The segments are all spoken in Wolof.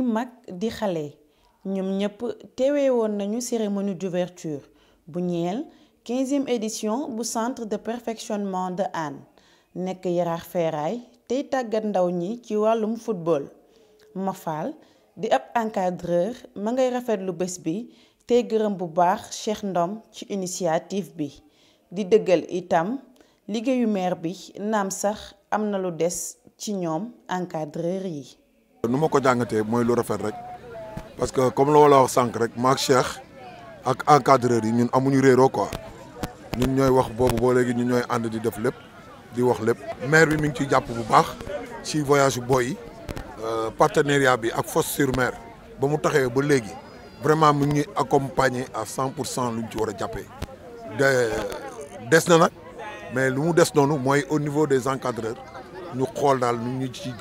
muy mag di xalé ñom ñëpp téwé won nañu cérémonie d'ouverture bu ñeel 15e édition bu centre de perfectionnement de Anne nek Yaraax Ferraille tey tagat ndaw ñi ci walum football Mafal di ab encadreur ma ngay lu bës bi tey gërëm bu baax Cheikh Ndom ci initiative bi di dëggal itam liggéeyu maire bi naam sax amna lu dess ci ñom encadreur yi nous ma jangate moy lu parce que comme lo la wax sank rek Cheikh ak encadreur yi ñun amuñu quoi ñun ñoy wax bobu bo légui ñun ñoy def di wax maire bi mi ngi ci japp bu baax ci voyage boy euh, partenariat bi ak Fos sur Mer ba mu ba vraiment mu ngi accompagner à 100% ci de des na mais lu mu dess au niveau des encadreurs nous xol dans ñu ci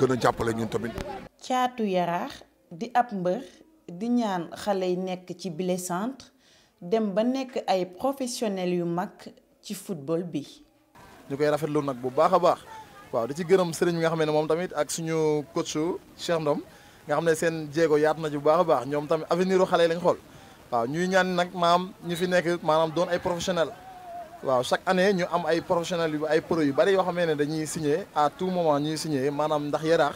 caatu yarax di ab mbeur di ñaan xalé yi nekk ci bile centre dem ba nekk ay professionnels yu mag ci football bi. ñu koy rafetlu nak bu baaxa baax waaw di ci gërëm sëriñ bi nga xamné mom tamit ak suñu coach Cheikh Ndom nga xamné seen djégo yaat na ci bu baax a baax ñoom tamit avenir xalé xale yi lañ xool waaw ñuy ñaan nak maam ñu fi nekk manam doon ay professionnels. waaw chaque année ñu am ay professionnels yu ay pro yu bari yo xamné dañuy signer à tout moment ñuy signer manam ndax yarax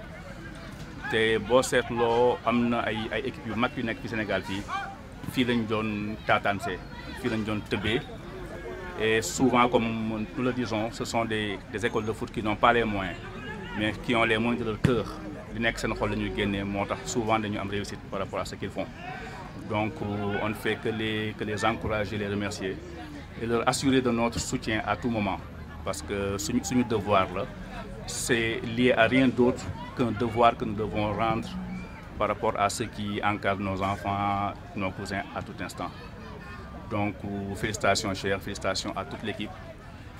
C'est boo seetloo am na ay ay équipe yu mag yu nekk fi Sénégal fii fii lañ doon taataanse fii lañ doon et souvent comme nous le disons ce sont des écoles de foot qui n'ont pas les moyens mais qui ont les moyens de leur cœur li nekk seen xol la ñuy génnee moo tax souvent dañu am réussite par rapport à ce qu'ils font donc euh, on ne fait que les que les encourager les remercier et leur assurer de notre soutien à tout moment parce que c'est notre devoir là c'est lié à rien d'autre qu'un devoir que nous devons rendre par rapport à ceux qui encadrent nos enfants, nos cousins à tout instant. Donc, euh, félicitations, chers, félicitations à toute l'équipe,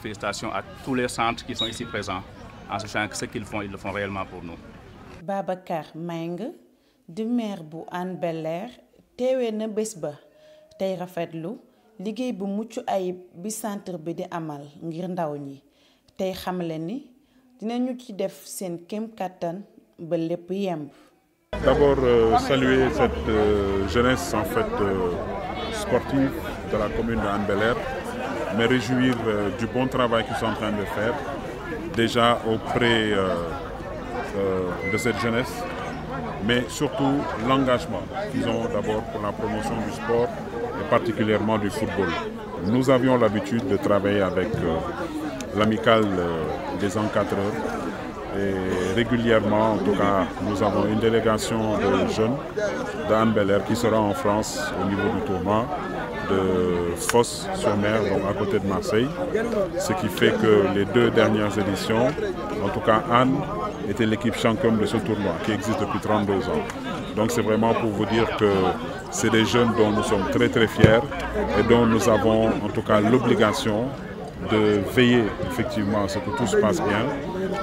félicitations à tous les centres qui sont ici présents, en sachant que ce qu'ils font, ils le font réellement pour nous. Babacar Meng, de maire bu Anne Bel-Air, teewee ba rafetlu amal ngir ndaw ñi D'abord euh, saluer cette euh, jeunesse en fait euh, sportive de la commune de anne bel me réjouir du bon travail qu'ils sont en train de faire déjà auprès de cette jeunesse, mais surtout l'engagement qu'ils ont d'abord pour la promotion du sport et particulièrement du football. Nous avions l'habitude de travailler avec l'amicale euh, des heures. Et régulièrement, en tout cas, nous avons une délégation de jeunes d'Anne Belair qui sera en France au niveau du tournoi de Fosse-sur-Mer, donc à côté de Marseille. Ce qui fait que les deux dernières éditions, en tout cas Anne, était l'équipe championne de ce tournoi qui existe depuis 32 ans. Donc c'est vraiment pour vous dire que c'est des jeunes dont nous sommes très très fiers et dont nous avons en tout cas l'obligation de veiller effectivement à ce que tout se passe bien,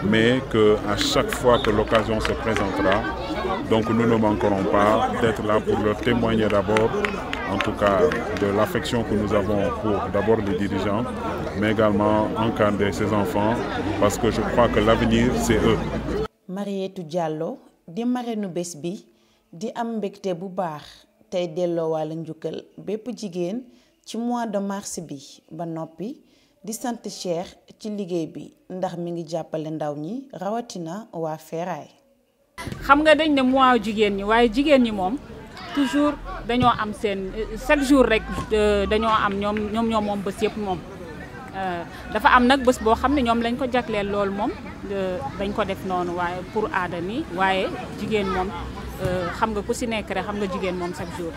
mais qu'à chaque fois que l'occasion se présentera, donc nous ne manquerons pas d'être là pour leur témoigner d'abord, en tout cas de l'affection que nous avons pour d'abord les dirigeants, mais également encadrer ces enfants, parce que je crois que l'avenir, c'est eux. Marie Diallo de mars bi di sant Cheikh ci liggéey bi ndax mi ngi jàppale ndaw ñi rawatina waa Feeraay. xam nga dañ ne mois jigéen ñi waaye jigéen ñi moom toujours dañoo am seen chaque jour rek euh, dañoo am ñoom ñoom ñoom moom bës yëpp moom. Euh, dafa am nag bés boo xam ne ñoom lañ ko jagleel lool moom euh, dañ ko def noonu waaye pour aada ni waaye jigéen moom xam nga ku si nekk rek xam nga jigéen moom chaque jour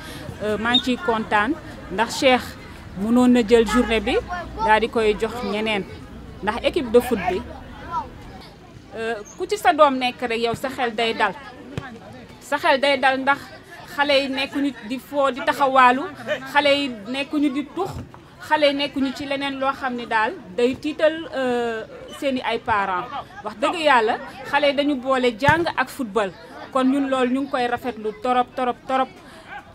maa ciy kontaan ndax Cheikh. mënoon na jël journée bi daal di koy jox ñeneen ndax équipe de foot bi ku ci sa doom nekk rek yow sa xel day dal sa xel day dal ndax xale yi nekkuñu di foo di taxawaalu xale yi nekkuñu di tux xale yi nekkuñu ci leneen loo xam ne daal day tiital seeni ay parents wax dëgg yàlla xale yi dañu boole jàng ak football kon ñun loolu ñu ngi koy rafetlu torop torop torop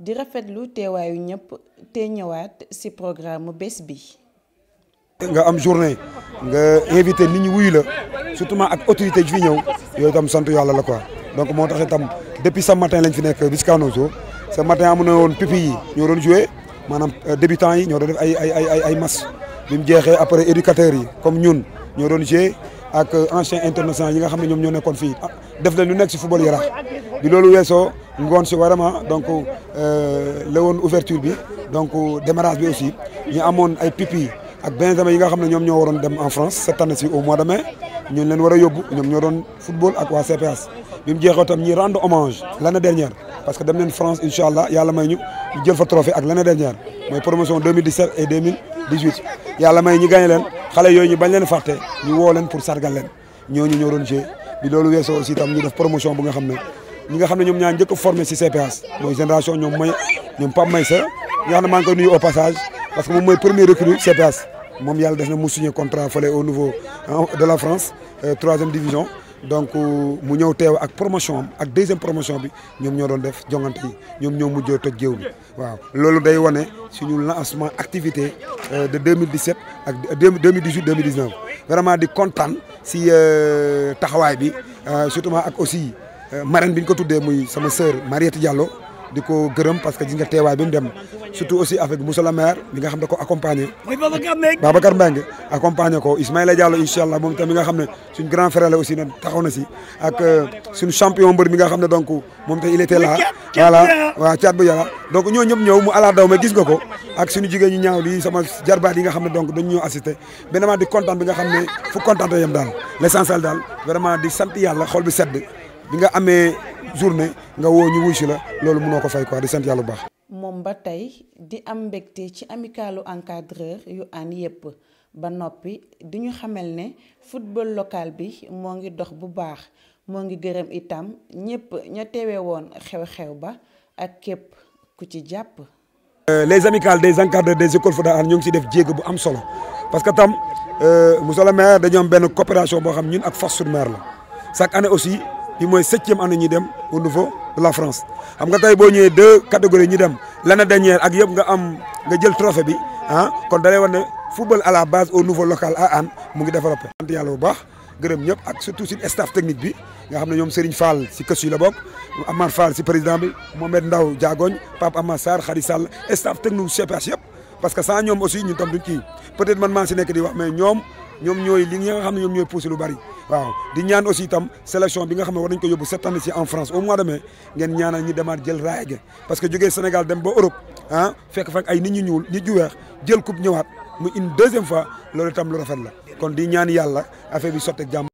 di rafetlu teewaayu ñëpp te ñëwaat ci programme bës bi. nga am journée nga invité nit ñi wuyu la surtout ak autorité ji fi ñëw yoy tam sant yalla la quoi donc mo taxé tam depuis ce matin lañ fi nek jusqu'à nos jours ce matin amu won pipi yi ñoo doon jouer manam euh, débutants yi ñoo doon def ay ay ay ay mas bimu mu après éducateurs yi comme ñun ñoo doon jouer ak anciens internationaux yi nga xam ne ñoom ñoo nekkon fi ah, def na lu nekk ci football yara bi lolu wesso ñu ngi donc euh, la ouverture bi donc démarrage bi aussi ñu amone ay pipi ak Benjamin yi nga xamné ñom ñoo dem en France cette année ci au mois de mai ñun leen wara yobbu ñom ñoom ñoo doon football ak wa CPS bi mu jeexoo tam ñi rendre hommage l'année dernière parce que dem neen France inshallah yalla may ñu ñu jël fa trophée ak l'année dernière moy promotion 2017 et 2018 yalla may ñi gagné leen xalé yooyu ñu bañ leen fàtte ñu wo leen pour sargal leen ñooñu ñoo doon jouer bi lolu weesoo aussi tam ñu def promotion bu nga xamné nous avons xam ne ñoom formé si CPS mooy génération ñoom may ñoom Pape Maysa Il y a un maa au passage parce que moom mooy premier recrue CPS moom yàlla def na mu signé contrat fale au niveau hein, de la France euh, troisième division donc euh, mu ñëw teew ak promotion une deuxième promotion bi avons ñoo doon def jongante yi ñoom ñoo mujjee toj géew bi waaw loolu day wane lancement activité euh, de 2017 ak 2018 2019 vraiment di content si taxawaay bi surtout ak aussi Euh, marraine biñ ko tuddé muy sama sœur Mariette Diallo diko ko gërëm parce que gis nga teewaay bi mu dem surtout aussi avec Moussa la maire mi nga xam ne ko accompagné Babacar Mbengue accompagner ko Ismaïla Diallo inshallah mom moom tam nga xamné ne suñ grand frère la aussi na taxaw na ci ak euh, suñ champion mbër mi nga xamné donc mom tam il était là voilà wa chat bu yalla donc ñoo ñëp ñëw mu ala daw ma gis nga ko ak suñu jigéen ñu ñaaw li sama jarbaat yi nga xamné donc dañ ñoo assister benama di content bi nga xamné fu content yam dal l'essentiel dal vraiment di sante yalla xol bi sedd bi nga amee journée nga woo ñu wuy si la loolu mënoo ko fay quoi di sant bu baax. moom ba tey di am mbégte ci amicalu encadreur yu aan yépp ba noppi di ñu xamal ne football locale bi moo ngi dox bu baax moo ngi gërëm itam ñépp ña teewe woon xew-xew ba ak képp ku ci jàpp. Euh, les amicales des encadreurs des écoles Fuda Hann ñoo ngi ci def jéego bu am solo parce que tam euh, monsieur le maire dañoo am benn coopération boo xam ñun ak Fass sur la chaque année aussi. bi 7e année ñuy dem au niveau de la France xam nga tay bo ñëwee deux catégories ñi dem l'année dernière ak yëpp nga am nga jël trophée bi ah kon dalay wone football à la base au niveau local à Hann mu ngi développer. sant Yalla bu baax gërëm ñëpp ak surtout suñu staff technique bi nga xam ñom Serigne Fall ci kessu la bokk Amar Fall ci président bi Mohamed Ndaw Diagogne Pape Amar Sar Khady Sall staff technique CPH yëpp parce que sans ñom aussi ñu tam duñ kii peut-être man maa ci nek di wax mais ñom ñom ñoy li nga xam ñom ñoy ñooy lu bari waaw di ñaan aussi tam sélection bi nga xam war nañ ko yobbu cette année ci en France au mois de mai ngeen ñaanal ñi demaat jël raaya gi parce que jógee Sénégal dem ba Europe hein fekk fekk ay nit ñu ñuul nit ñu weex jël coupe ñëwaat mu une deuxième fois loolu tam lu rafet la kon di ñaan yalla affaire bi sotte jàmm